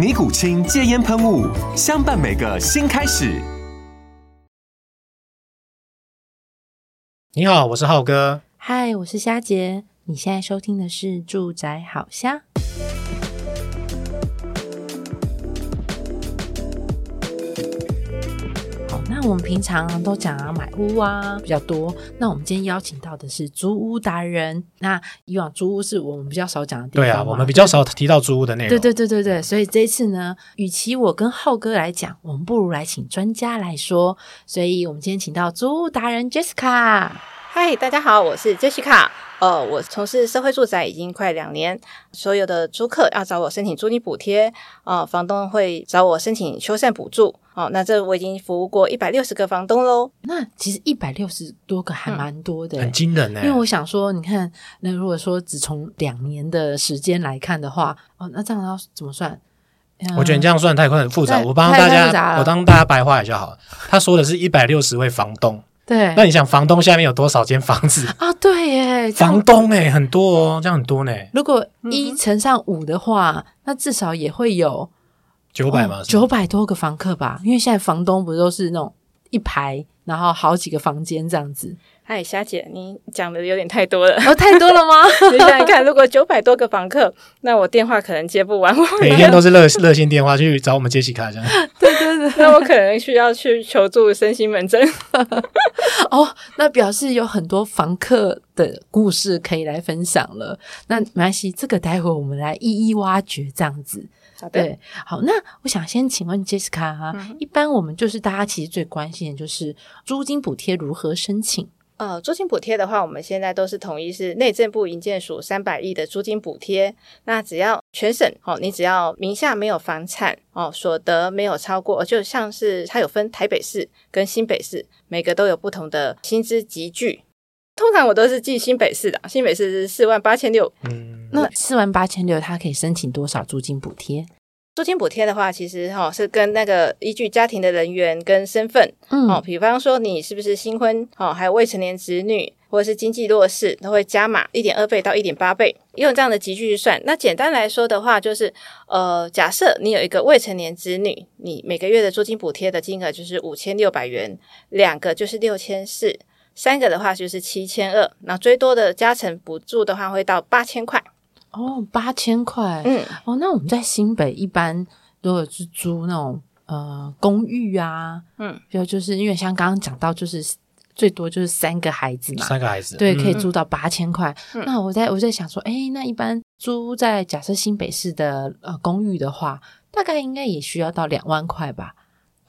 尼古清戒菸噴霧，相伴每個新開始。你好，我是浩哥。嗨，我是蝦杰。你現在收聽的是《住宅好瞎》。那我們平常都講啊，買屋啊比較多。那我們今天邀請到的是租屋達人。那以往租屋是我們比較少講的地方啊，對啊，我們比較少提到租屋的內容。對對對對對對，所以這一次呢，與其我跟浩哥來講，我們不如來請專家來說。所以我們今天請到租屋達人 Jessica。嗨，大家好，我是 Jessica。哦，我從事社會住宅已經快兩年，所有的租客要找我申請租金補貼哦，房東會找我申請修繕補助。哦，那這我已經服務過一百六十個房東嘍。那其實一百六十多個還蠻多的，嗯，很驚人哎。因為我想說，你看，那如果說只從兩年的時間來看的話，哦，那這樣要怎麼算？嗯，我覺得你這樣算太快很複雜，但我幫大家我幫大家白話也就好了。嗯，他說的是一百六十位房東。對，那你想房東下面有多少間房子啊，哦？對耶，房東誒、欸、很多哦，這樣很多呢，欸。如果一乘上五的話，嗯、哼那至少也會有九百嘛，九百嗎、哦、多個房客吧？因為現在房東不都是那種。一排，然後好幾個房間這樣子。哎，霞姐，你講的有點太多了。哦，太多了嗎？ 你想想看，如果九百多個房客，那我電話可能接不完，完。每天都是熱 熱線電話去找我們傑西卡，這樣。 對對對， 那我可能需要去求助身心門診。 哦，那表示有很多房客的故事可以來分享了。那沒關係，這個待會我們來一一挖掘，這樣子。對，好，那我想先請問 Jessica 哈、啊，嗯、一般我們就是大家其實最關心的就是租金補貼如何申請？呃，租金補貼的話，我們現在都是統一是內政部營建署三百億的租金補貼，那只要全省哦，你只要名下沒有房產哦，所得沒有超過，就像是它有分台北市跟新北市，每個都有不同的薪資級距。通常我都是寄新北市的，新北市是四萬八千六。嗯，那四萬八千六，它可以申請多少租金補貼？租金補貼的話，其實哈、哦、是跟那個依據家庭的人員跟身份，嗯，哦，比方說你是不是新婚，哦，還有未成年子女，或者是經濟弱勢，都會加碼一點二倍到一點八倍，用這樣的積聚去算。那簡單來說的話，就是呃，假設你有一個未成年子女，你每個月的租金補貼的金額就是五千六百元，兩個就是六千四。三個的話就是七千二，那最多的加成補助的話會到八千塊。哦，八千塊。嗯，哦，那我們在新北一般如果是租那種呃公寓啊，嗯，就就是因為像剛剛講到，就是最多就是三個孩子嘛，三個孩子。對，可以租到八千塊。嗯。那我在我在想說，哎，那一般租在假設新北市的呃公寓的話，大概應該也需要到兩萬塊吧。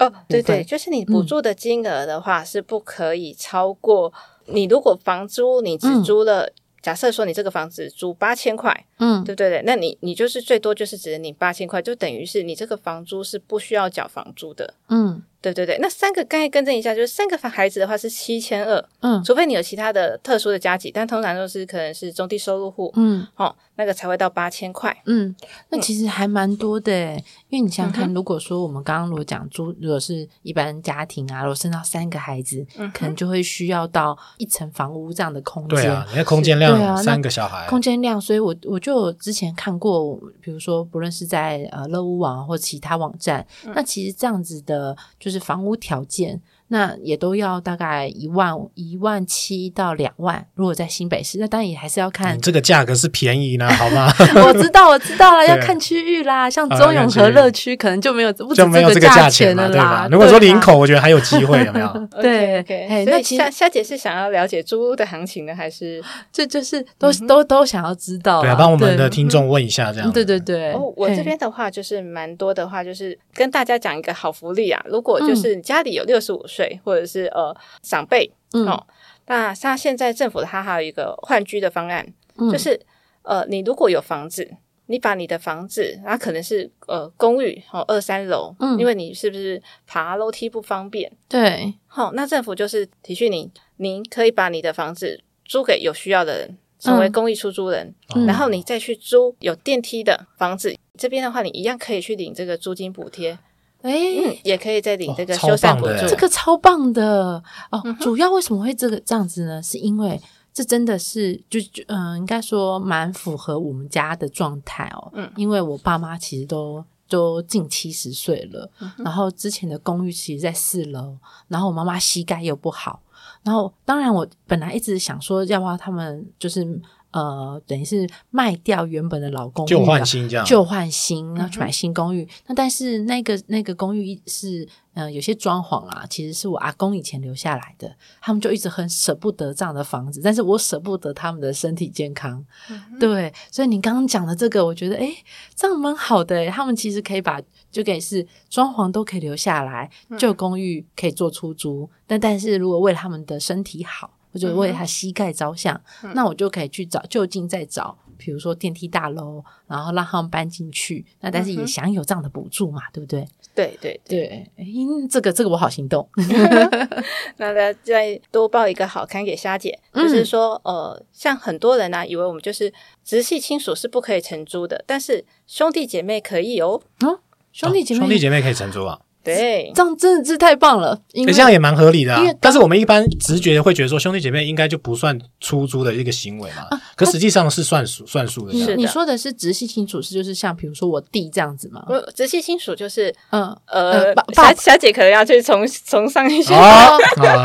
哦，對對，明白。就是你補助的金額的話是不可以超過，嗯、你。如果房租你只租了，嗯、假設說你這個房子，租八千塊，嗯，對對對。那你你就是最多就是只能領你八千塊，就等於是你這個房租是不需要繳房租的，嗯，對對對。那三個，剛才更正一下，就是三個孩子的話是七千二，嗯，除非你有其他的特殊的加急，但通常都是可能是中低收入戶，嗯，好、哦。那個才會到八千塊，嗯，那其實還蠻多的，欸，嗯，因為你想想看，如果說我們剛剛如果講租，如果是一般家庭啊，如果生到三個孩子，嗯、哼可能就會需要到一層房屋這樣的空間，對啊，那是空間量三個小孩，啊、空間量，所以我我就之前看過，比如說不論是在呃樂屋網或其他網站，嗯，那其實這樣子的，就是房屋條件。那也都要大概一萬一萬七到兩萬，如果在新北市，那當然也還是要看這個價格是便宜呢，好嗎？我知道，我知道了，要看區域啦，像中永和樂區可能就沒有，就沒有這個價錢了，對吧？如果說林口，我覺得還有機會，有沒有？對，所以夏夏姐是想要了解租屋的行情呢，還是這就是都都都想要知道？對，幫我們的聽眾問一下，這樣對對對。哦，我這邊的話就是蠻多的話，就是跟大家講一個好福利啊，如果就是家裡有六十五歲。對，或者是呃，長輩、嗯、哦。那他現在政府他還有一個換居的方案，嗯、就是呃，你如果有房子，你把你的房子，那可能是呃公寓哦，二三樓，嗯，因為你是不是爬樓梯不方便？對，好、哦，那政府就是提醒你，你可以把你的房子租給有需要的人，成為公益出租人，嗯、然後你再去租有電梯的房子，這邊的話，你一樣可以去領這個租金補貼。哎，欸嗯、也可以再領這個修繕補助，哦，這個超棒的哦。嗯、哼主要為什麼會這個這樣子呢？是因為這真的是就嗯、呃，應該說蠻符合我們家的狀態哦。嗯，因為我爸媽其實都都近七十歲了，嗯、哼然後之前的公寓其實在四樓，然後我媽媽膝蓋又不好，然後當然我本來一直想說，要不要他們就是。呃，等於是賣掉原本的老公寓舊換、啊、新，這樣，舊換新，然後去買新公寓。嗯、哼那但是那個那個公寓是，呃，有些裝潢啊，其實是我阿公以前留下來的。他們就一直很舍不得這樣的房子，但是我舍不得他們的身體健康，嗯、哼對。所以你剛剛講的這個，我覺得，誒、欸，這樣蠻好的、欸。他們其實可以把，就給是裝潢都可以留下來，舊、嗯、哼公寓可以做出租。那但是如果為了他們的身體好。我就為他膝蓋着想，嗯、哼那我就可以去找就近再找，比如說電梯大樓，然後讓他們搬進去。嗯、哼那但是也享有這樣的補助嘛，對不對？對對對，對哎、這個這個我好心動。 那再再多報一個好康給莎姐，就是說、嗯、呃，像很多人呢、啊，以為我們就是直系親屬是不可以承租的，但是兄弟姐妹可以哦。啊、哦，兄弟姐妹，兄弟姐妹可以承租啊。對，這樣真的是太棒了，可是這樣也蠻合理的啊。但是我們一般直覺會覺得說，兄弟姐妹應該就不算出租的一個行為嘛。可實際上是算數算數的。是，你說的是直系親屬，是就是像比如說我弟這樣子嗎？直系親屬就是，嗯呃，小小姐可能要去從從上一學。好，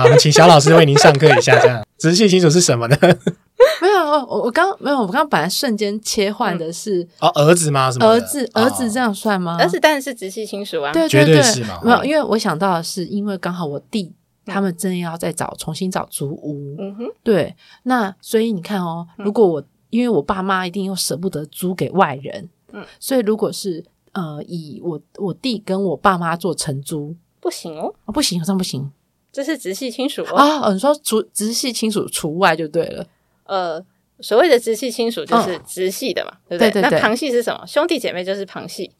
我們請小老師為您上課一下，這樣。直系親屬是什麼呢？沒有，我我剛沒有，我剛剛本來瞬間切換的是哦，兒子嗎？什麼兒子？兒子這樣算嗎？兒子當然是直系親屬啊，對對對，沒有，因為我想到的是，因為剛好我弟他們正要再找重新找租屋，嗯對，那所以你看哦，如果我因為我爸媽一定又捨不得租給外人，嗯，所以如果是呃以我我弟跟我爸媽做承租，不行哦，啊不行，好像不行。這是直系親屬哦，哦哦你說除直系親屬除外就對了。呃，所謂的直系親屬就是直系的嘛，哦、對不對？對對對。那旁系是什麼？兄弟姐妹就是旁系。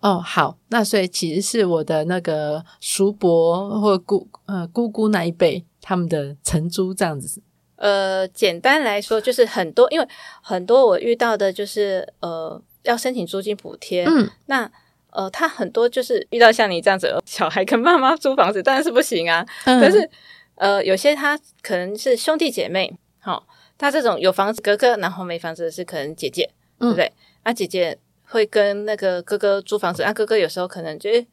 哦，好，那所以其實是我的那個叔伯或姑呃姑姑那一輩他們的承租這樣子。呃，簡單來說就是很多，因為很多我遇到的就是呃要申請租金補貼，嗯，那。呃，他很多就是遇到像你這樣子，哦、小孩跟媽媽租房子，當然是不行啊。嗯、可是，呃，有些他可能是兄弟姐妹，好、哦，他這種有房子哥哥，然後沒房子的是可能姐姐，嗯、對不對？啊，姐姐會跟那個哥哥租房子，啊，哥哥有時候可能就是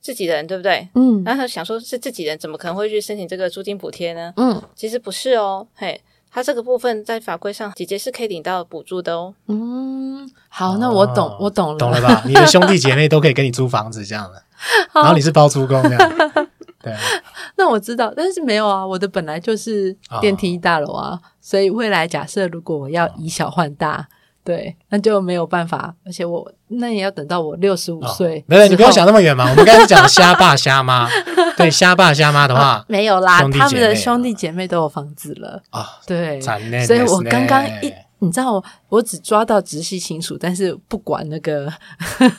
自己人，對不對？嗯，然後他想說，是自己人，怎麼可能會去申請這個租金補貼呢？嗯，其實不是哦，嘿。他這個部分在法規上，姐姐是可以領到補助的哦。嗯，好，那我懂，哦、我懂了，懂了吧？你的兄弟姐妹都可以跟你租房子這樣的， 然後你是包租公這樣， 對，那我知道，但是沒有啊，我的本來就是電梯大樓啊，哦、所以未來假設如果我要以小換大。哦對，那就沒有辦法，而且我那也要等到我六十五歲、哦。沒有，你不用想那麼遠嘛。 我們剛才講瞎爸瞎媽， 對，瞎爸瞎媽的話、哦、沒有啦，他們的兄弟姐妹都有房子了。啊，對。所以我剛剛一，你知道我，我只抓到直系親屬，但是不管那個，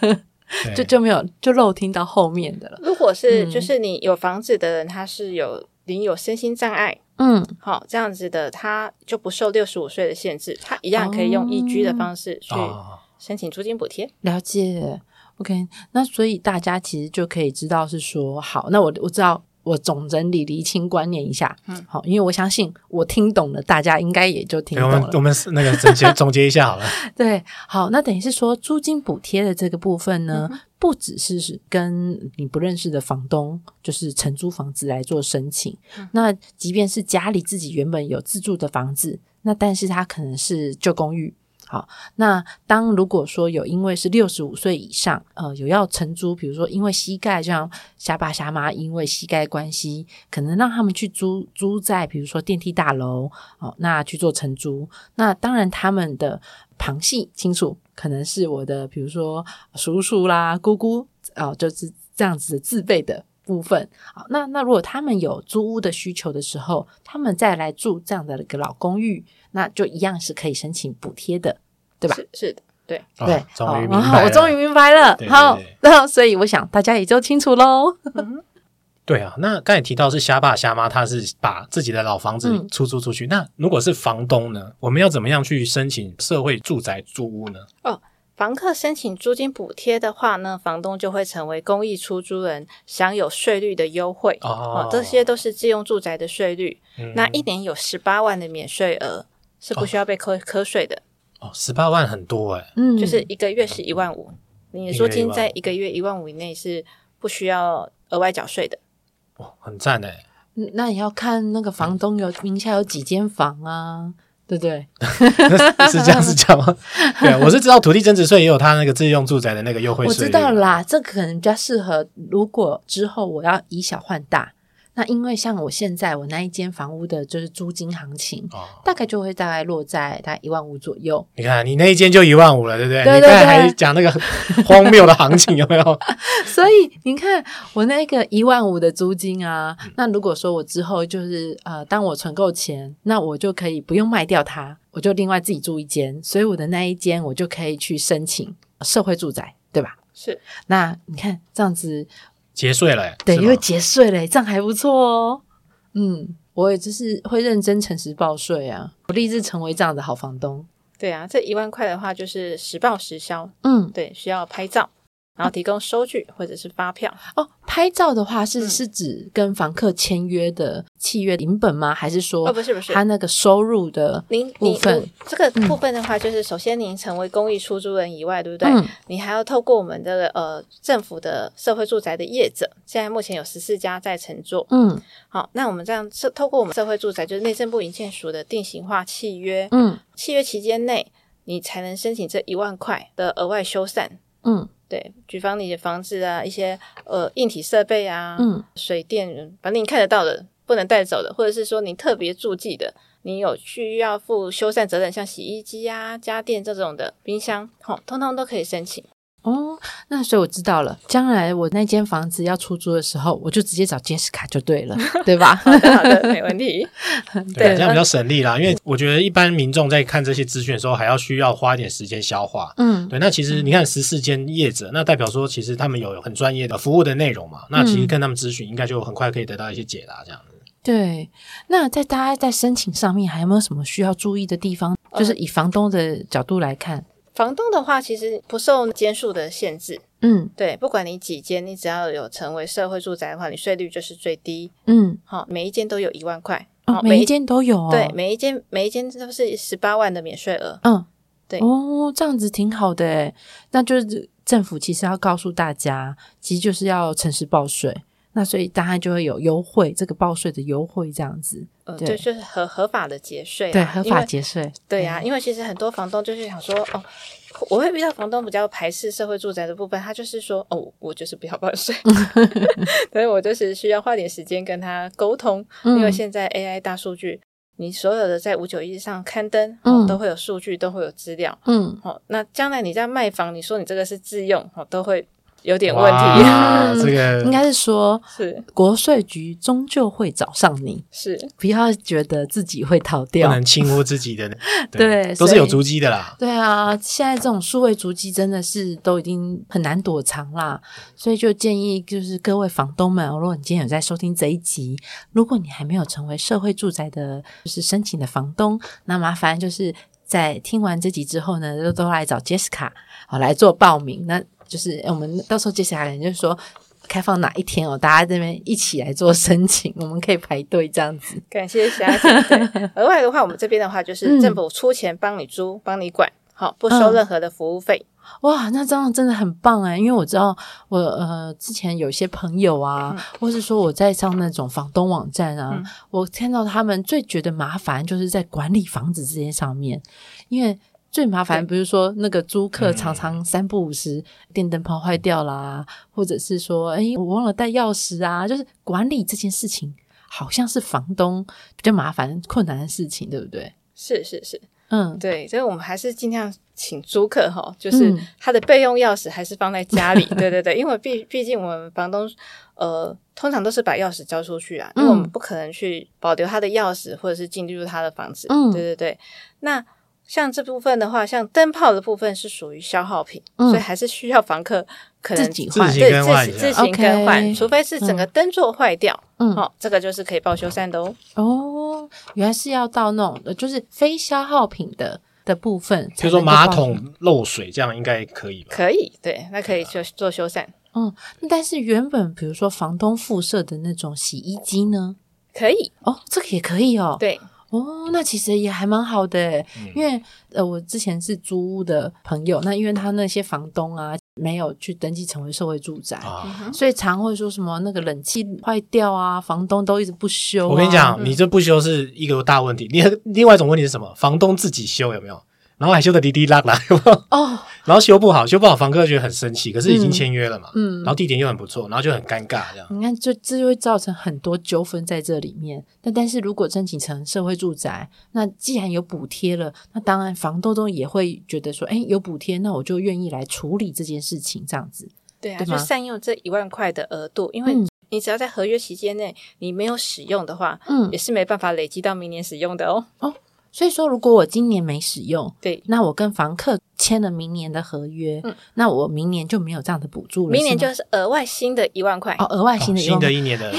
對 就就沒有，就漏聽到後面的了。如果是，嗯、就是你有房子的人，他是有，領有身心障礙。嗯，好，這樣子的，他就不受六十五歲的限制，他一樣可以用 e 居的方式去申請租金補貼。嗯嗯。了解，OK，那所以大家其實就可以知道是說，好，那我我知道。我總整理、理、釐清觀念一下，嗯，好，因為我相信我聽懂了，大家應該也就聽懂了。我們，我們那個總結 總結一下好了。對，好，那等於是說，租金補貼的這個部分呢，嗯，不只是是跟你不認識的房東，就是承租房子來做申請。嗯，那即便是家裡自己原本有自住的房子，那但是他可能是舊公寓。好，那當如果說有因為是六十五歲以上，呃，有要承租，比如說因為膝蓋這樣，瞎爸瞎媽，因為膝蓋關係，可能讓他們去租租在，比如說電梯大樓，哦、呃，那去做承租，那當然他們的旁系親屬，可能是我的，比如說叔叔啦、姑姑，哦、呃，就是這樣子的自備的。部分好，那那如果他們有租屋的需求的時候，他們再來住這樣的一個老公寓，那就一樣是可以申請補貼的，對吧？是是的，對、哦、對。終於、哦、我終於明白了。對對對好，那所以我想大家也就清楚嘍。對啊，那剛才提到是瞎爸瞎媽，他是把自己的老房子出租出去。嗯、那如果是房東呢？我們要怎麼樣去申請社會住宅租屋呢？哦房客申請租金補貼的話呢，房東就會成為公益出租人，享有稅率的優惠哦，哦，哦，哦，哦，哦。這些都是自用住宅的稅率，嗯、那一年有十八萬的免稅額，是不需要被扣稅的哦。哦，十八萬很多哎，嗯，就是一個月是一萬五、嗯，你的租金在一個月一萬五以內是不需要額外繳稅的。哦、很讚哎。那也要看那個房東有名下有幾間房啊。對對， 是這樣是這樣嗎？ 對，我是知道土地增值稅也有它那個自用住宅的那個優惠。我知道啦，這個可能比較適合，如果之後我要以小換大。那因為像我現在我那一間房屋的就是租金行情，哦、大概就會大概落在大概一萬五左右。你看你那一間就一萬五了，對不對？對對對對，你剛才還講那個荒謬的行情， 有沒有？所以你看我那個一萬五的租金啊，那如果說我之後就是呃，當我存夠錢，那我就可以不用賣掉它，我就另外自己住一間。所以我的那一間我就可以去申請社會住宅，對吧？是。那你看這樣子。節稅嘞、欸，對，嗎因為節稅嘞、欸，這樣還不錯哦、喔。嗯，我也就是會認真、誠實報稅啊，我立志成為這樣的好房東。對啊，這一萬塊的話就是實報實銷。嗯，對，需要拍照。然後提供收據或者是發票哦。拍照的話是、嗯、是指跟房客簽約的契約影本嗎？還是說不是不是，他那個收入的您份、哦呃？這個部分的話，就是首先您成為公益出租人以外，嗯、對不對？嗯。你還要透過我們這個呃政府的社會住宅的業者，現在目前有十四家在承作。嗯。好，那我們這樣是透過我們社會住宅，就是內政部營建署的定型化契約。嗯。契約期間內，你才能申請這一萬塊的額外修繕。嗯。對，舉凡你的房子啊，一些呃硬體設備啊，嗯、水電，反正你看得到的不能帶走的，或者是說你特別註記的，你有需要負修繕責任，像洗衣機啊、家電這種的，冰箱，哦、通通都可以申請。哦，那所以我知道了，將來我那間房子要出租的時候，我就直接找傑西卡就對了，對吧？ 好的，好的，沒問題。 對、啊，這樣比較省力啦。因為我覺得一般民眾在看這些資訊的時候，還要需要花一點時間消化。嗯，對。那其實你看十四間業者，嗯、那代表說其實他們有很專業的服務的內容嘛。嗯、那其實跟他們諮詢，應該就很快可以得到一些解答。這樣子。對，那在大家在申請上面還有沒有什麼需要注意的地方？嗯、就是以房東的角度來看。房東的話，其實不受間數的限制。嗯，對，不管你幾間，你只要有成為社會住宅的話，你稅率就是最低。嗯，好，每一間都有一萬塊，哦，每一，每一間都有哦。對，每一間每一間都是十八萬的免稅額。嗯，對哦，這樣子挺好的。那就是政府其實要告訴大家，其實就是要誠實報稅。那所以當然就會有優惠，這個報稅的優惠這樣子，對，嗯、就，就是合合法的節稅，對，合法節稅，對呀、啊，嗯、因為其實很多房東就是想說，哦，我會遇到房東比較排斥社會住宅的部分，他就是說，哦，我就是不要報稅，所以 我就是需要花點時間跟他溝通。嗯、因為現在 AI 大數據，你所有的在五九一上刊登，哦嗯、都會有數據，都會有資料，嗯，好、哦，那將來你在賣房，你說你這個是自用，哦、都會。有點問題，哇嗯、這個應該是說，是國稅局終究會找上你，是不要覺得自己會逃掉，不能輕忽自己的呢， 對，對以都是有足跡的啦。對啊，現在這種數位足跡真的是都已經很難躲藏，啦，所以就建議就是各位房東們、哦，如果你今天有在收聽這一集，如果你還沒有成為社會住宅的就是申請的房東，那麻煩就是在聽完這集之後呢，都都來找 Jessica 好、哦、來做報名那。就是、欸、我們到時候接下來，就是說開放哪一天哦，大家這邊一起來做申請，我們可以排隊這樣子。感謝霞姐。額 外的話，我們這邊的話就是政府出錢幫你租、幫、嗯、你管，好不收任何的服務費、嗯。哇，那這樣真的很棒啊，因為我知道我呃之前有些朋友啊，嗯、或是說我在上那種房東網站啊，嗯、我看到他們最覺得麻煩就是在管理房子這些上面，因為。最麻煩。對比如說那個租客常常三不五時，電燈泡壞掉啦，嗯、或者是說哎、欸、我忘了帶鑰匙啊，就是管理這件事情好像是房東比較麻煩困難的事情，對不對？是是是，嗯，對，所以我們還是儘量請租客哈，就是他的備用鑰匙還是放在家裡，嗯、對對對，因為畢畢竟我們房東呃通常都是把鑰匙交出去啊，嗯、因為我們不可能去保留他的鑰匙或者是進入他的房子，嗯，對對對，那。像這部分的話，像燈泡的部分是屬於消耗品，嗯、所以還是需要房客可能自己換，自己自行更換，更換 okay，除非是整個燈座壞掉，嗯，好、哦，這個就是可以報修繕的哦、嗯。哦，原來是要到那種的就是非消耗品的的部分，比如說馬桶漏水，這樣應該可以吧？可以，對，那可以做、啊、做修繕。嗯，但是原本比如說房東附設的那種洗衣機呢，可以哦，這個也可以哦，對。哦，那其實也還蠻好的，嗯、因為呃，我之前是租屋的朋友，那因為他那些房東啊，沒有去登記成為社會住宅，啊、所以常會說什麼那個冷氣壞掉啊，房東都一直不修、啊。我跟你講，嗯、你這不修是一個大問題。你另,另外一種問題是什麼？房東自己修有沒有？然後還修的滴滴啦啦。哦， 然後修不好，修不好，房客覺得很生氣，可是已經簽約了嘛，嗯，然後地點又很不錯，然後就很尷尬這樣。你看，就這就會造成很多糾紛在這裡面。那但，但是如果申請成社會住宅，那既然有補貼了，那當然房東都也會覺得說，哎，有補貼，那我就願意來處理這件事情這樣子。對，對啊，就善用這一萬塊的額度，因為你只要在合約期間內你沒有使用的話，嗯，也是沒辦法累積到明年使用的哦。哦。所以說，如果我今年沒使用，對，那我跟房客簽了明年的合約，嗯、那我明年就沒有這樣的補助了。明年就是額外新的一萬塊哦，額外新的一萬塊、哦、新的一年的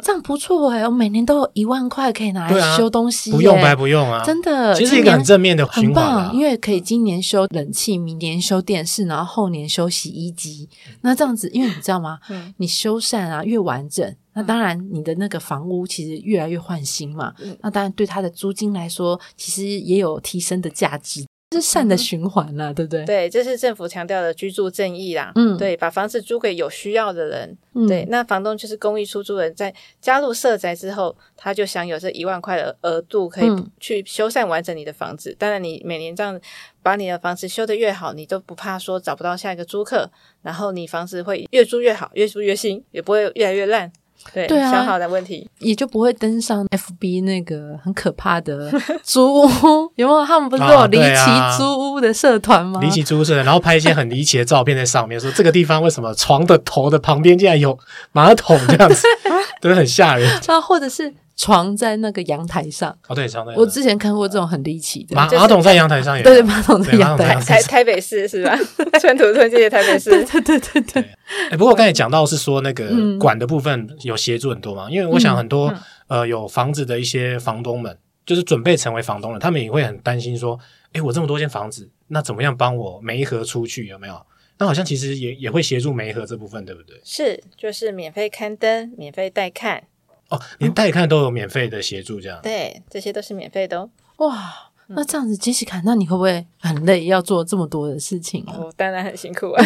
這樣不錯哎，我每年都有一萬塊可以拿來修東西、啊，不用白不用啊！真的，其實是一個很正面的、的、啊、很棒、啊。因為可以今年修冷氣，明年修電視，然後後年修洗衣機。嗯、那這樣子，因為你知道嗎？嗯、你修繕啊越完整，那當然，你的那個房屋其實越來越換新嘛。嗯、那當然，對它的租金來說，其實也有提升的價值，就是善的循環啦，嗯、對不對？對，這是政府強調的居住正義啦。嗯，對，把房子租給有需要的人。嗯、對，那房東就是公益出租人，在加入社宅之後，他就享有這一萬塊的額度，可以去修繕完整你的房子。嗯、當然，你每年這樣把你的房子修得越好，你都不怕說找不到下一個租客，然後你房子會越租越好，越租越新，也不會越來越爛。對，對啊、想好的問題也就不會登上 FB 那個很可怕的租屋， 有沒有？他們不是都有離奇租屋的社團嗎？啊啊、離奇租屋社，然後拍一些很離奇的照片在上面， 說這個地方為什麼床的頭的旁邊竟然有馬桶這樣子， 對都是很嚇人。這樣、啊、或者是。床在那個陽台上哦，對，床在。我之前看過這種很離奇的，馬桶在陽台上，對對，馬桶在陽台。台台北市是吧？川圖村，謝謝台北市。對對對對。哎，不過我剛才講到是說那個管的部分有協助很多嘛，因為我想很多呃有房子的一些房東們，就是準備成為房東了，他們也會很擔心說，哎，我這麼多間房子，那怎麼樣幫我媒合出去有沒有？那好像其實也也會協助媒合這部分，對不對？是，就是免費刊登，免費帶看。哦，你帶看都有免費的協助這樣、哦？對，這些都是免費的哦。哇，那這樣子即使看，嗯、Jessica, 那你會不會很累，要做這麼多的事情啊？我當然很辛苦啊。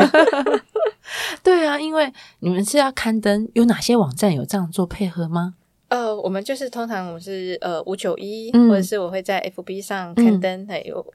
對啊，因為你們是要刊登，有哪些網站有這樣做配合嗎？呃，我們就是通常我們是呃 591，1, 嗯、或者是我會在 FB 上刊登，還、嗯、有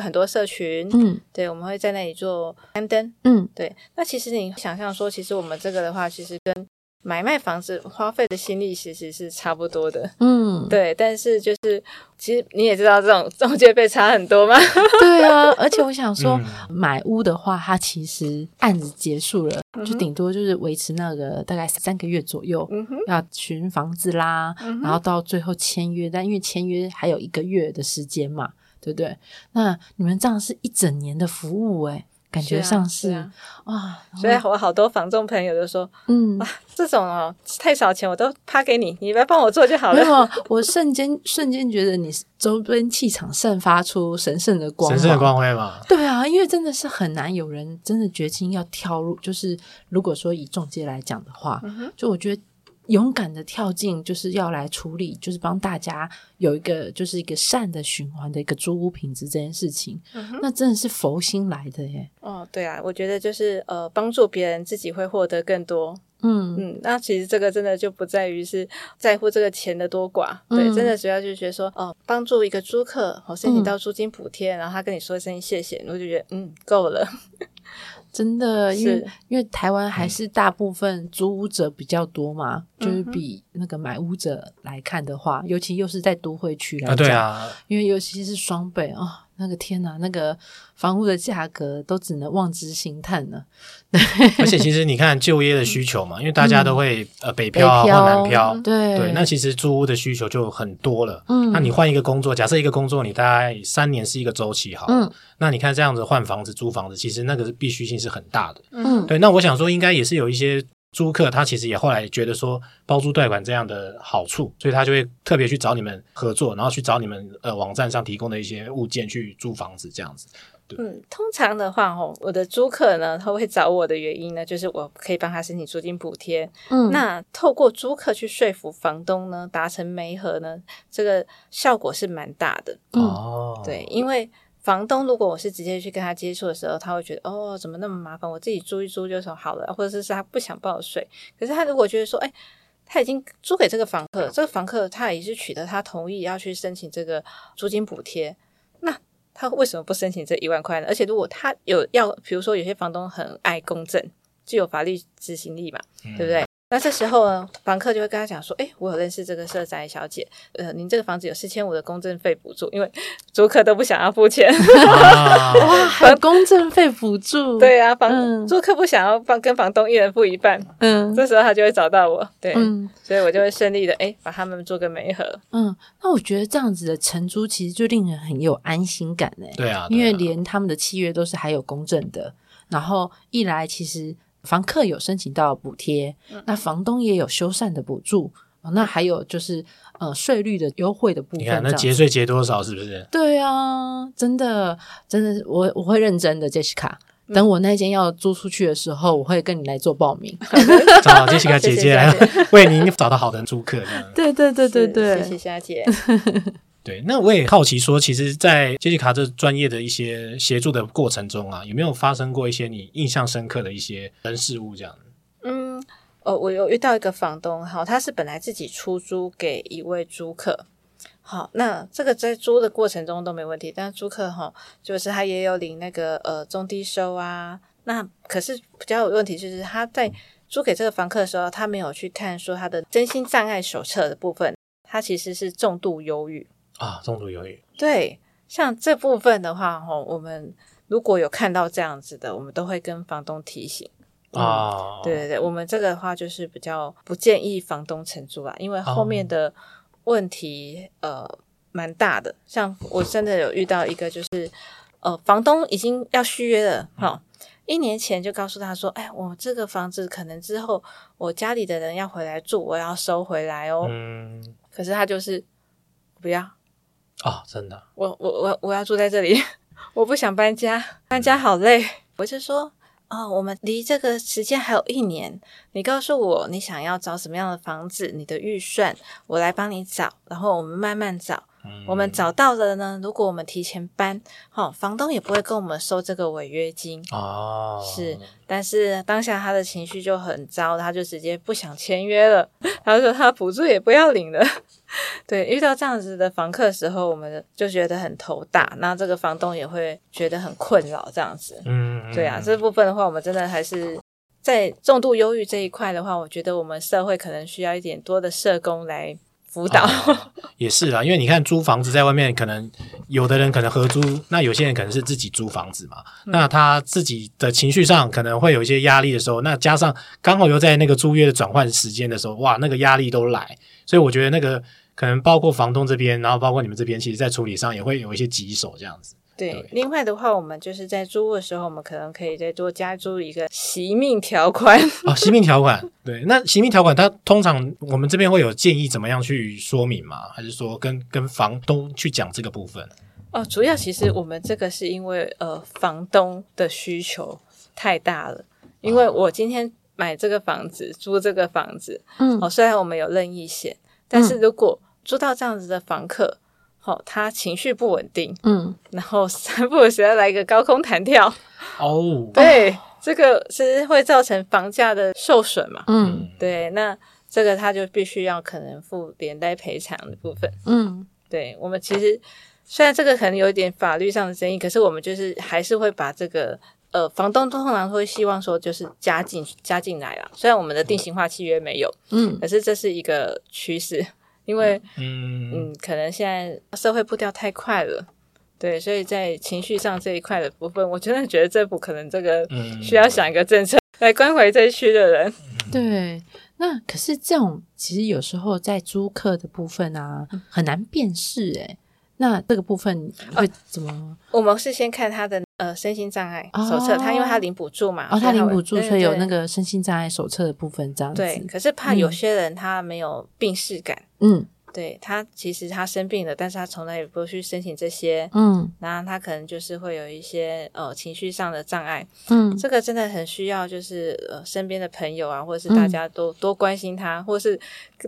很多社群，嗯，對，我們會在那裡做刊登，嗯，對。那其實你想象說，其實我們這個的話，其實跟買賣房子花費的心力其實是差不多的，嗯，對，但是就是其實你也知道這種中介費差很多嗎？對啊， 而且我想說、嗯、買屋的話，它其實案子結束了，就頂多就是維持那個大概三個月左右，嗯、哼要尋房子啦，嗯、哼然後到最後簽約，但因為簽約還有一個月的時間嘛，對不對？那你們這樣是一整年的服務哎、欸。感覺像是，是啊，是啊哇所以我好多房仲朋友都說，嗯，哇，這種哦太少錢，我都趴給你，你來幫我做就好了。我瞬間瞬間覺得你周邊氣場散發出神聖的光，光，神聖的光輝吧。對啊，因為真的是很難有人真的決心要跳入，就是如果說以中介來講的話，就我覺得。勇敢的跳進，就是要來處理，就是幫大家有一個，就是一個善的循環的一個租屋品質這件事情。嗯、哼那真的是佛心來的耶。哦，對啊，我覺得就是呃，幫助別人自己會獲得更多。嗯嗯，那其實這個真的就不在於是在乎這個錢的多寡，嗯、對，真的主要就是覺得說，哦，幫助一個租客，我、哦、申請到租金補貼，嗯、然後他跟你說一聲謝謝，我就覺得嗯，夠了。 真的，因為是因為台灣還是大部分租屋者比較多嘛，嗯、哼就是比那個買屋者來看的話，尤其又是在都會區來講，啊，對啊，因為尤其是雙北啊。哦那個天哪，那個房屋的價格都只能望之興嘆了。對，而且，其實你看就業的需求嘛，嗯、因為大家都會、嗯、呃北漂，北漂或南漂，對對，那其實租屋的需求就很多了。嗯，那你換一個工作，假設一個工作你大概三年是一個周期，好，嗯，那你看這樣子換房子租房子，其實那個必須性是很大的。嗯，對，那我想說應該也是有一些。租客他其實也後來覺得說包租代管這樣的好處，所以他就會特別去找你們合作，然後去找你們呃網站上提供的一些物件去租房子這樣子。嗯，通常的話哦，我的租客呢，他會找我的原因呢，就是我可以幫他申請租金補貼。嗯，那透過租客去說服房東呢，達成媒合呢，這個效果是蠻大的。哦、嗯，對，因為。房東如果我是直接去跟他接觸的時候，他會覺得哦，怎麼那麼麻煩？我自己租一租就說好了，或者是他不想報稅。可是他如果覺得說，哎，他已經租給這個房客，這個房客他也是取得他同意要去申請這個租金補貼，那他為什麼不申請這一萬塊呢？而且如果他有要，比如說有些房東很愛公證，具有法律執行力嘛，嗯、對不對？那這時候房客就會跟他講說：“哎、欸，我有認識這個社宅小姐，呃，您這個房子有四千五的公證費補助，因為租客都不想要付錢。 ” 哇，還有公證費補助？對啊，房租、嗯、客不想要放，跟房東一人付一半。嗯，這時候他就會找到我，對，嗯，所以我就會順利的，哎、欸，把他們做個媒合。嗯，那我覺得這樣子的承租其實就令人很有安心感呢、啊。對啊，因為連他們的契約都是還有公證的，然後一來其實。房客有申請到補貼，那房東也有修繕的補助，那還有就是呃稅率的優惠的部分。你看那節稅節多少，是不是？對啊，真的真的，我我會認真的，Jessica，嗯。等我那間要租出去的時候，我會跟你來做報名。找 Jessica 姐姐來為你找到好的租客。對，對對對對對，謝謝夏姐。 對，那我也好奇說，其實，在杰西卡這專業的一些協助的過程中啊，有沒有發生過一些你印象深刻的一些人事物這樣？嗯，哦，我有遇到一個房東，哈、哦，他是本來自己出租給一位租客，好、哦，那這個在租的過程中都沒問題，但租客哈、哦，就是他也有領那個呃中低收啊，那可是比較有問題，就是他在租給這個房客的時候，嗯、他沒有去看說他的身心障礙手冊的部分，他其實是重度憂鬱。啊，中途猶豫。對，像這部分的話，哈、哦，我們如果有看到這樣子的，我們都會跟房東提醒。嗯、啊，對對對，我們這個的話就是比較不建議房東承租吧，因為後面的問題、啊、呃蠻大的。像我真的有遇到一個，就是 呃房東已經要續約了，哈、哦，嗯、一年前就告訴他說，哎，我這個房子可能之後我家裡的人要回來住，我要收回來哦。嗯、可是他就是不要。啊、哦，真的！我我我我要住在這裡，我不想搬家，搬家好累。嗯、我就說啊、哦，我們離這個時間還有一年，你告訴我你想要找什麼樣的房子，你的預算，我來幫你找，然後我們慢慢找。嗯、我們找到了呢，如果我們提前搬，哦、房東也不會跟我們收這個違約金。哦，是，但是當下他的情緒就很糟，他就直接不想簽約了，他說他補助也不要領了。對，遇到這樣子的房客時候，我們就覺得很頭大。那這個房東也會覺得很困擾，這樣子。嗯，對啊，這部分的話，我們真的還是在重度憂鬱這一塊的話，我覺得我們社會可能需要一點多的社工來輔導。啊，也是啊，因為你看租房子在外面，可能有的人可能合租，那有些人可能是自己租房子嘛。嗯，那他自己的情緒上可能會有一些壓力的時候，那加上剛好又在那個租約的轉換時間的時候，哇，那個壓力都來。所以我覺得那個。可能包括房東這邊，然後包括你們這邊，其實在處理上也會有一些棘手這樣子。對，對另外的話，我們就是在租的時候，我們可能可以再多加註一個惜命條款。哦。惜命條款， 對，那惜命條款它通常我們這邊會有建議怎麼樣去說明嗎？還是說跟跟房東去講這個部分？哦，主要其實我們這個是因為呃，房東的需求太大了，哦、因為我今天買這個房子，租這個房子，嗯，哦，雖然我們有任意險。但是如果租到這樣子的房客，好、嗯哦，他情緒不穩定，嗯，然後三不五時要來一個高空彈跳，哦，對，哦、這個其實會造成房價的受損嘛，嗯，對，那這個他就必須要可能負連帶賠償的部分，嗯，對，我們其實雖然這個可能有點法律上的爭議，可是我們就是還是會把這個。呃，房東通常會希望說，就是加進加進來啦。雖然我們的定型化契約沒有，嗯，可是這是一個趨勢，因為嗯嗯，可能現在社會步調太快了，對，所以在情緒上這一塊的部分，我真的覺得政府可能這個需要想一個政策來關懷這一區的人。嗯、 對，那可是這種其實有時候在租客的部分啊，很難辨識誒、欸那這個部分會怎麼？哦、我們是先看他的呃身心障礙手冊，哦、他因為他領補助嘛，哦，哦，他領補助，所以有那個身心障礙手冊的部分這樣子。對，可是怕有些人他沒有病識感，嗯。嗯對他，其實他生病了，但是他從來也不會去申請這些，嗯，然後他可能就是會有一些呃情緒上的障礙，嗯，這個真的很需要就是呃身邊的朋友啊，或者是大家都、嗯、多關心他，或是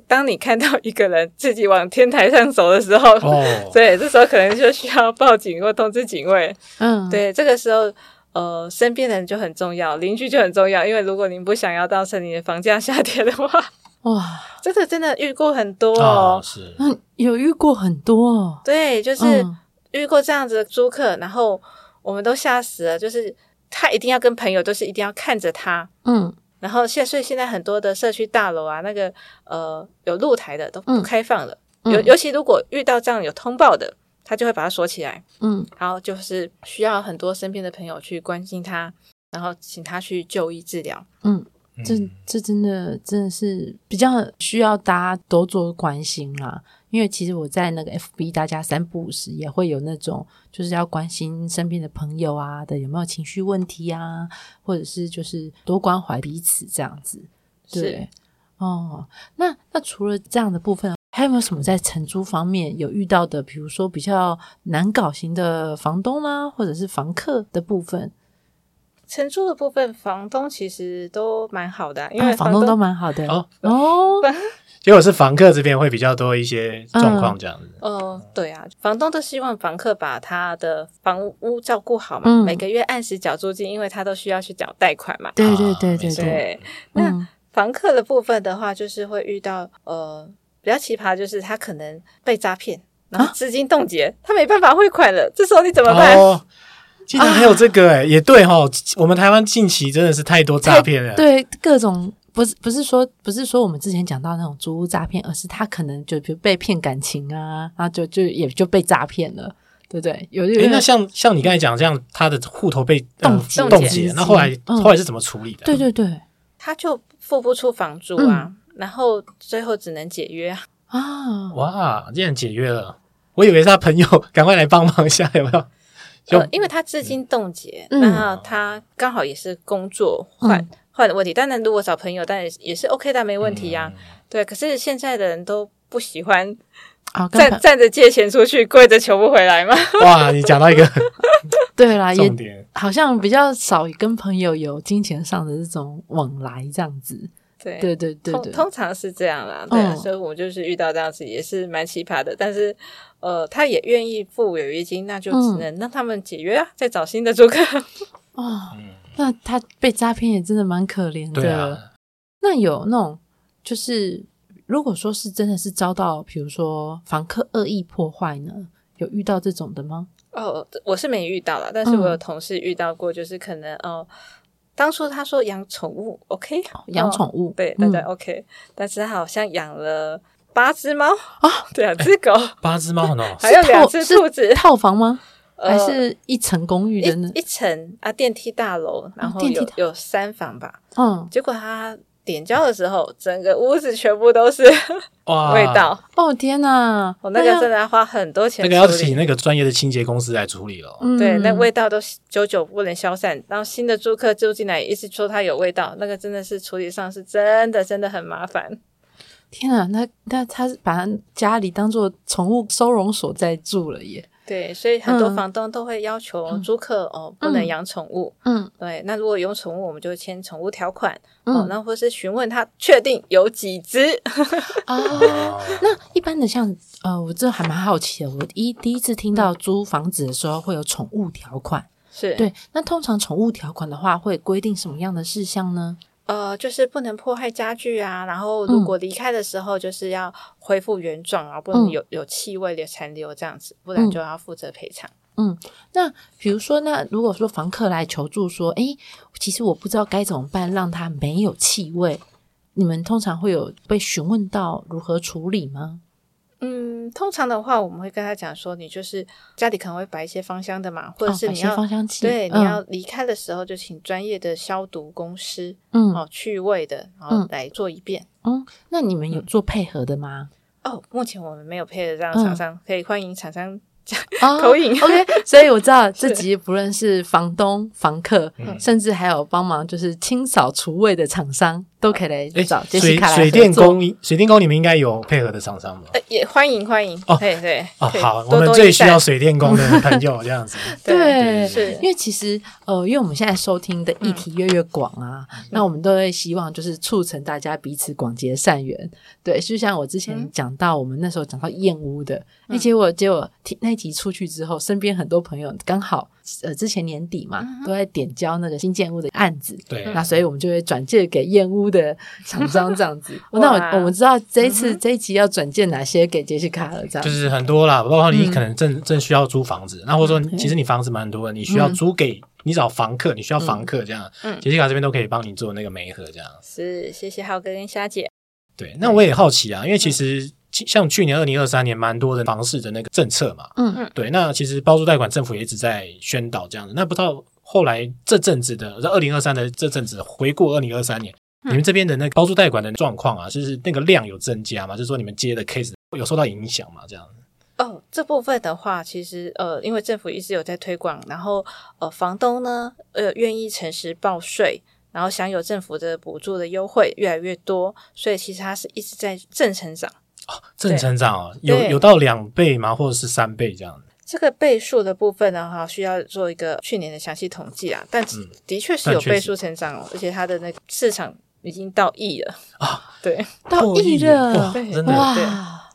當你看到一個人自己往天台上走的時候，哦，所以 這時候可能就需要報警或通知警衛，嗯，對，這個時候呃身邊的人就很重要，鄰居就很重要，因為如果您不想要造成你的房價下跌的話。哇，這個真的遇過很多哦，哦是、嗯，有遇過很多哦。對，就是遇過這樣子的租客，嗯、然後我們都嚇死了，就是他一定要跟朋友，就是一定要看着他，嗯，然後現在所以現在很多的社區大樓啊，那個呃有露台的都不開放了，尤、嗯、尤其如果遇到這樣有通報的，他就會把它鎖起來，嗯，然後就是需要很多身邊的朋友去關心他，然後請他去就醫治療，嗯。嗯、這這真的真的是比較需要大家都多做關心啦，啊，因為其實我在那個 FB，大家三不五時也會有那種就是要關心身邊的朋友啊的有沒有情緒問題啊，或者是就是多關懷彼此這樣子。對，是哦，那那除了這樣的部分，啊，還有沒有什麼在承租方面有遇到的，比如說比較難搞型的房東啦，啊，或者是房客的部分？承租的部分，房東其實都蠻好的、啊，因為房東、啊、房東都蠻好的 哦哦。結果是房客這邊會比較多一些狀況，這樣子。哦、嗯呃，對啊，房東都希望房客把他的房屋照顧好嘛，嗯、每個月按時繳租金，因為他都需要去繳貸款嘛。啊、對對對對對、對。那房客的部分的話，就是會遇到、嗯、呃比較奇葩，就是他可能被詐騙，然後資金凍結，啊、他沒辦法匯款了，這時候你怎麼辦？哦竟然還有這個哎、欸，啊、也對哈，我們台灣近期真的是太多詐騙了對。對，各種不是不是說不是說我們之前講到那種租屋詐騙，而是他可能就比如被騙感情啊，然後就就也就被詐騙了，對不對，對？有哎、欸，那像像你剛才講這樣，他的戶頭被凍結凍結，那後，後來、嗯、後來是怎麼處理的？對對對，他就付不出房租啊，嗯、然後最後只能解約啊。哇，竟然解約了，我以為是他朋友，趕 快來幫忙一下，有沒有？就因為他資金凍結，那、嗯、他剛好也是工作換換、嗯、的問題。當然，如果找朋友，當然也是 OK，但沒問題呀、啊。嗯、對，可是現在的人都不喜歡啊，站朋站着借錢出去，跪着求不回來嘛？哇，你講到一個， 對啦，重點好像比較少跟朋友有金錢上的這種往來，這樣子。對，對對對對，通通常是這樣啦，對、啊，哦、所以我就是遇到這樣子也是蠻奇葩的，但是呃，他也願意付違約金，那就只能讓他們解約啊，嗯、再找新的租客。哦，那他被詐騙也真的蠻可憐的。對啊、那有那種就是，如果說是真的是遭到，比如說房客惡意破壞呢，有遇到這種的嗎？哦，我是沒遇到了，但是我有同事遇到過，嗯、就是可能哦。當初他說養寵物，OK，養寵物，對大家、嗯、OK。但是他好像養了八只貓哦，兩只狗，欸、八只貓很好，還有兩只兔子。套,套房嗎？呃、還是一層公寓的一？一層啊，電梯大樓，然後有、哦、電梯有三房吧。嗯、哦，結果他。點膠的時候，整個屋子全部都是哇味道！哦天哪，我那個真的要花很多錢，那個要請那個專業的清潔公司來處理哦。嗯、對，那味道都久久不能消散。當新的租客住進來，一直說他有味道，那個真的是處理上是真的真的很麻煩。天哪，那那他把他家裡當做寵物收容所在住了耶！對，所以很多房東都會要求租客、嗯、哦，不能養寵物。嗯，對。那如果有寵物，我們就簽寵物條款。嗯、哦，那或是詢問他確定有幾隻、 哦、那一般的像呃，我這還蠻好奇的，我一第一次聽到租房子的時候會有寵物條款，是對。那通常寵物條款的話，會規定什麼樣的事項呢？呃，就是不能破壞家具啊。然後，如果離開的時候，就是要恢復原狀啊，嗯、然後不能有有氣味的殘留這樣子，不然就要負責賠償。嗯，嗯，那比如說，那如果說房客來求助說，誒，其實我不知道該怎麼辦，讓他沒有氣味，你們通常會有被詢問到如何處理嗎？嗯，通常的話，我們會跟他講說，你就是家裡可能會擺一些芳香的嘛，或者是你要芳香劑，哦，對，嗯，你要離開的時候，就請專業的消毒公司，嗯，哦去味的，然後來做一遍。嗯，哦，那你們有做配合的嗎？嗯，哦，目前我們沒有配合，這樣的廠商，嗯，可以歡迎廠商投影。哦， OK，所以我知道是這集不論是房東、房客，嗯，甚至還有幫忙就是清掃除味的廠商。都可以來找水水電工，水電工，你們應該有配合的廠商吧？也歡迎歡迎。對對哦，好，我們最需要水電工的參就這樣子。對，因為其實呃，因為我們現在收聽的議題越來越廣啊，那我們都會希望就是促成大家彼此廣結善緣。對，就像我之前講到，我們那時候講到驗屋的，而且我結果，結果，那一集出去之後，身邊很多朋友剛好。呃，之前年底嘛，都在點交那個新建屋的案子，對，那所以我們就會轉介給驗屋的廠商這樣子。那我我們知道這一次這一集要轉介哪些給杰西卡了，這樣就是很多啦，包括你可能正正需要租房子，那或者說其實你房子蠻多的，你需要租給你找房客，你需要房客這樣，杰西卡這邊都可以幫你做那個媒合這樣。是，謝謝浩哥跟瞎姐。對，那我也好奇啊，因為其實。像去年二零二三年蠻多的房市的那個政策嘛，嗯嗯，對，那其實包租代管政府也一直在宣導這樣子。那不知道後來這陣子的在二零二三的這陣子回顧二零二三年，嗯、你們這邊的那個包租代管的狀況啊，就是那個量有增加嗎？就是說你們接的 case 有受到影響嗎？這樣子？哦，這部分的話，其實呃，因為政府一直有在推廣，然後呃，房東呢呃願意誠實報稅，然後享有政府的補助的優惠越來越多，所以其實它是一直在正成長。哦、正成長、哦、對有有到兩倍嗎？或者是三倍這樣子？這個倍數的部分呢，哈，需要做一個去年的詳細統計啊。但、嗯、的確是有倍數成長哦，而且它的那個市場已經到億了啊，對，到億了，哇，真的哇，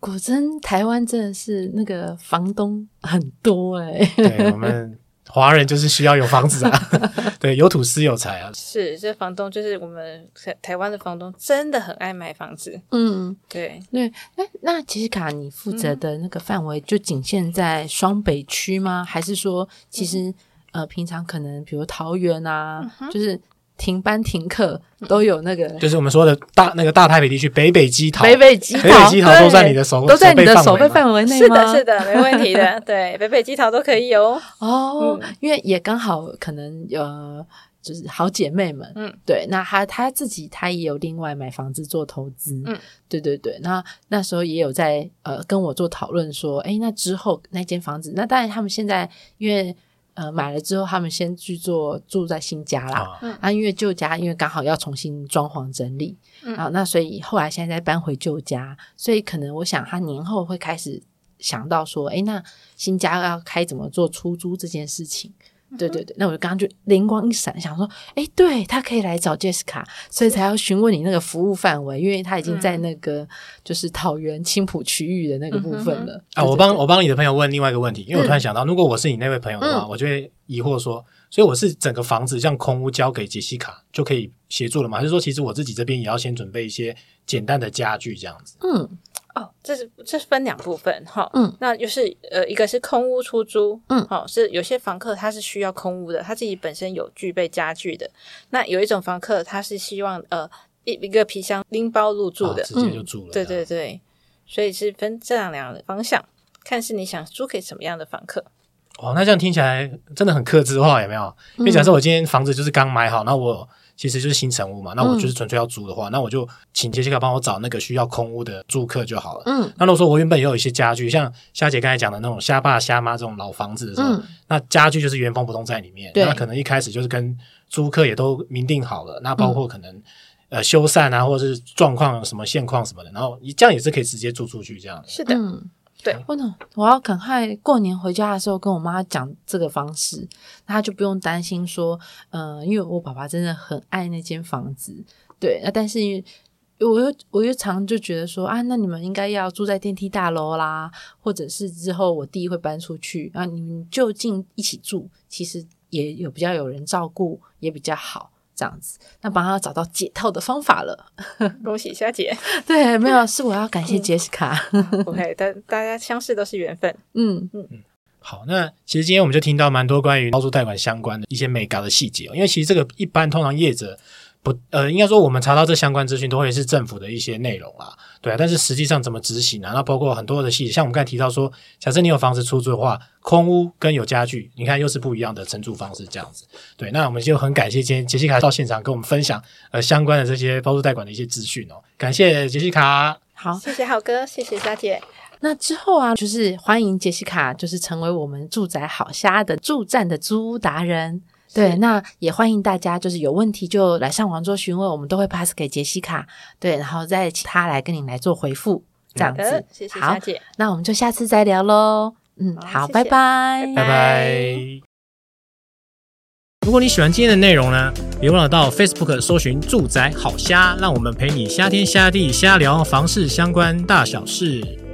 果真台灣真的是那個房東很多哎、欸，對，我們。 華人就是需要有房子啊， 對，有土斯有財啊。是，這房東就是我們台灣的房東，真的很愛買房子。嗯，對，對，那那其實卡你負責的那個範圍就僅限在雙北區嗎？嗯、還是說其實、嗯、呃平常可能比如桃園啊，嗯、哼就是。停班停課都有那個，嗯、就是我們說的大那個大台北地區北北基桃，北北基桃，北北基桃都在你的守對手都在你的守備範，範圍內是的，是的，沒問題的。 對，北北基桃都可以哦。哦，嗯、因為也剛好可能有，就是好姐妹們，嗯，對。那她她自己她也有另外買房子做投資，嗯，對對對。那那時候也有在呃跟我做討論說，誒，那之後那間房子，那當然他們現在因為。呃，買了之後，他們先去做住在新家啦。哦、啊因，因為舊家因為剛好要重新裝潢整理，嗯、啊，那所以後來現在再搬回舊家，所以可能我想他年後會開始想到說，哎、欸，那新家要開怎麼做出租這件事情。對對對，那我就剛剛就靈光一閃，想說，誒，對，他可以來找 Jessica，所以才要詢問你那個服務範圍，是因為他已經在那個、嗯、就是桃園青埔區域的那個部分了。啊，我幫我幫你的朋友問另外一個問題，因為我突然想到，嗯、如果我是你那位朋友的話，我就會疑惑說，嗯、所以我是整個房子像空屋交給杰西卡就可以協助了嗎？還是說，其實我自己這邊也要先準備一些簡單的家具這樣子？嗯。哦，這是這是分兩部分哈，哦、嗯，那就是呃，一個是空屋出租，嗯，好、哦，是有些房客他是需要空屋的，他自己本身有具備家具的，那有一種房客他是希望呃一一個皮箱拎包入住的，哦、直接就住了，嗯、對對對，所以是分這樣兩個方向，看是你想租給什麼樣的房客。哦，那這樣聽起來真的很客製化，有沒有？因為假設我今天房子就是剛買好，然後我。其實就是新成屋嘛，那我就是純粹要租的話，嗯、那我就請傑西卡幫我找那個需要空屋的租客就好了。嗯，那如果說我原本也有一些家具，像夏姐剛才講的那種瞎爸瞎媽這種老房子的時候，嗯、那家具就是原封不動在裡面。嗯、那可能一開始就是跟租客也都明定好了，嗯、那包括可能呃修繕啊，或者是狀況什麼現況什麼的，然後你這樣也是可以直接租出去這樣。是的、嗯。對，不能，我要趕快過年回家的時候跟我媽講這個方式，那她就不用擔心說，嗯、呃，因為我爸爸真的很愛那間房子，對。啊、但是我又我又常就覺得說，啊，那你們應該要住在電梯大樓啦，或者是之後我弟會搬出去，啊，你們就近一起住，其實也有比較有人照顧，也比較好。這樣子，那幫他找到解套的方法了， 恭喜佳姐。對，沒有，是我要感謝 Jessica。OK，但大家相識都是緣分。嗯嗯嗯，嗯好，那其實今天我們就聽到蠻多關於高速貸款相關的一些眉角的細節、哦，因為其實這個一般通常業者。我呃，應該說我們查到這相關資訊都會是政府的一些內容啊對啊，但是實際上怎麼執行呢、啊？那包括很多的細節，像我們剛才提到說，假設你有房子出租的話，空屋跟有家具，你看又是不一樣的承租方式這樣子。對，那我們就很感謝杰杰西卡到現場跟我們分享呃相關的這些包租代管的一些資訊哦。感謝杰西卡，好，謝謝浩哥，謝謝佳姐。那之後啊，就是歡迎杰西卡就是成為我們住宅好瞎的駐站的租屋達人。對，是那也歡迎大家，就是有問題就來上網做詢問，我們都會 pass 給傑西卡，對，然後再請他來跟你來做回復、嗯、這樣子。謝謝。好，那我們就下次再聊嘍。好嗯，好，謝謝。拜拜，拜拜。如果你喜歡今天的內容呢，別忘了到 Facebook 搜尋“住宅好瞎”，讓我們陪你瞎天瞎地瞎聊房事相關大小事。